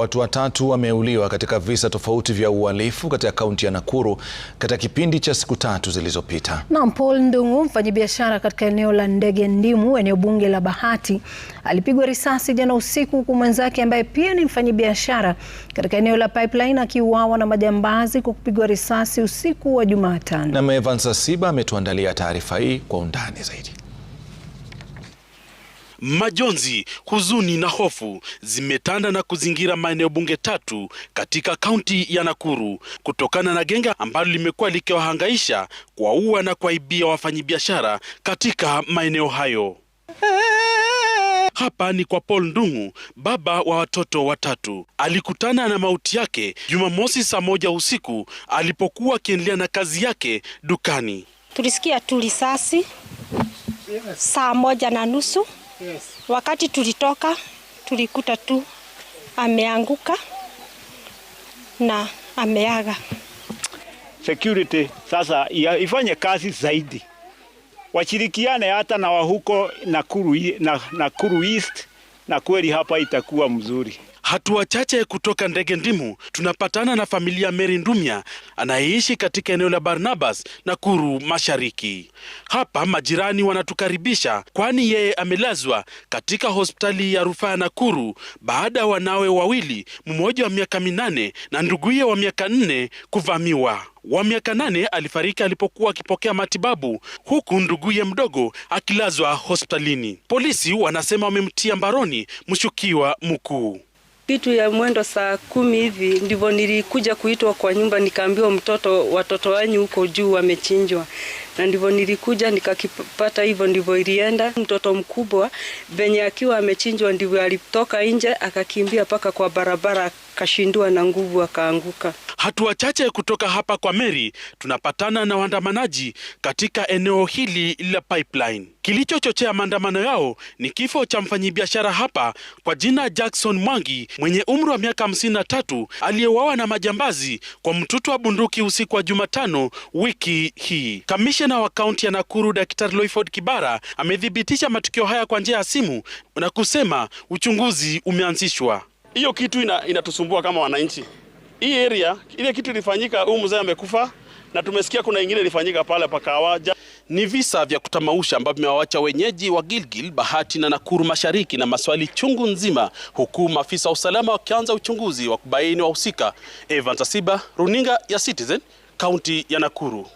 Watu watatu wameuliwa katika visa tofauti vya uhalifu katika kaunti ya Nakuru katika kipindi cha siku tatu zilizopita. Na Paul Ndung'u, mfanyabiashara katika eneo la Ndege Ndimu, eneo bunge la Bahati, alipigwa risasi jana usiku, huku mwenzake ambaye pia ni mfanyabiashara katika eneo la Pipeline akiuawa na majambazi kwa kupigwa risasi usiku wa Jumatano. Na Evans Asiba ametuandalia taarifa hii kwa undani zaidi. Majonzi, huzuni na hofu zimetanda na kuzingira maeneo bunge tatu katika kaunti ya Nakuru kutokana na genge ambalo limekuwa likiwahangaisha kuwaua na kuwaibia wafanyabiashara katika maeneo hayo. Hapa ni kwa Paul Ndung'u, baba wa watoto watatu. Alikutana na mauti yake Jumamosi saa moja usiku alipokuwa akiendelea na kazi yake dukani. Tulisikia tu risasi saa moja na nusu Wakati tulitoka tulikuta tu ameanguka na ameaga. Security sasa ifanye kazi zaidi, washirikiane hata na wahuko Nakuru, Nakuru East na kweli hapa itakuwa mzuri. Hatua chache kutoka ndege ndimu tunapatana na familia Mary Ndumya anayeishi katika eneo la Barnabas, Nakuru Mashariki. Hapa majirani wanatukaribisha, kwani yeye amelazwa katika hospitali ya rufaa Nakuru baada ya wanawe wawili, mmoja wa miaka minane na nduguye wa miaka nne kuvamiwa. Wa miaka nane alifariki alipokuwa akipokea matibabu, huku nduguye mdogo akilazwa hospitalini. Polisi wanasema wamemtia mbaroni mshukiwa mkuu kitu ya mwendo saa kumi hivi ndivyo nilikuja kuitwa kwa nyumba, nikaambiwa mtoto, watoto wanyu huko juu wamechinjwa, na ndivyo nilikuja nikakipata, hivyo ndivyo ilienda. Mtoto mkubwa venye akiwa amechinjwa, ndivyo alitoka nje akakimbia mpaka kwa barabara akashindwa na nguvu akaanguka. Hatua chache kutoka hapa kwa Meri, tunapatana na waandamanaji katika eneo hili la Pipeline. Kilichochochea maandamano yao ni kifo cha mfanyibiashara hapa kwa jina Jackson Mwangi mwenye umri wa miaka 53 aliyeuawa na majambazi kwa mtutu wa bunduki usiku wa Jumatano wiki hii. Kamishna wa kaunti ya Nakuru Daktari Loiford Kibara amethibitisha matukio haya kwa njia ya simu na kusema uchunguzi umeanzishwa. Hiyo kitu ina, inatusumbua kama wananchi. Hii area ile kitu ilifanyika, huyu mzee amekufa na tumesikia kuna ingine ilifanyika pale pakawaja. Ni visa vya kutamausha ambavyo vimewawacha wenyeji wa Gilgil, Bahati na Nakuru Mashariki na maswali chungu nzima, huku maafisa wa usalama wakianza uchunguzi wa kubaini wahusika. Evans Asiba, runinga ya Citizen, kaunti ya Nakuru.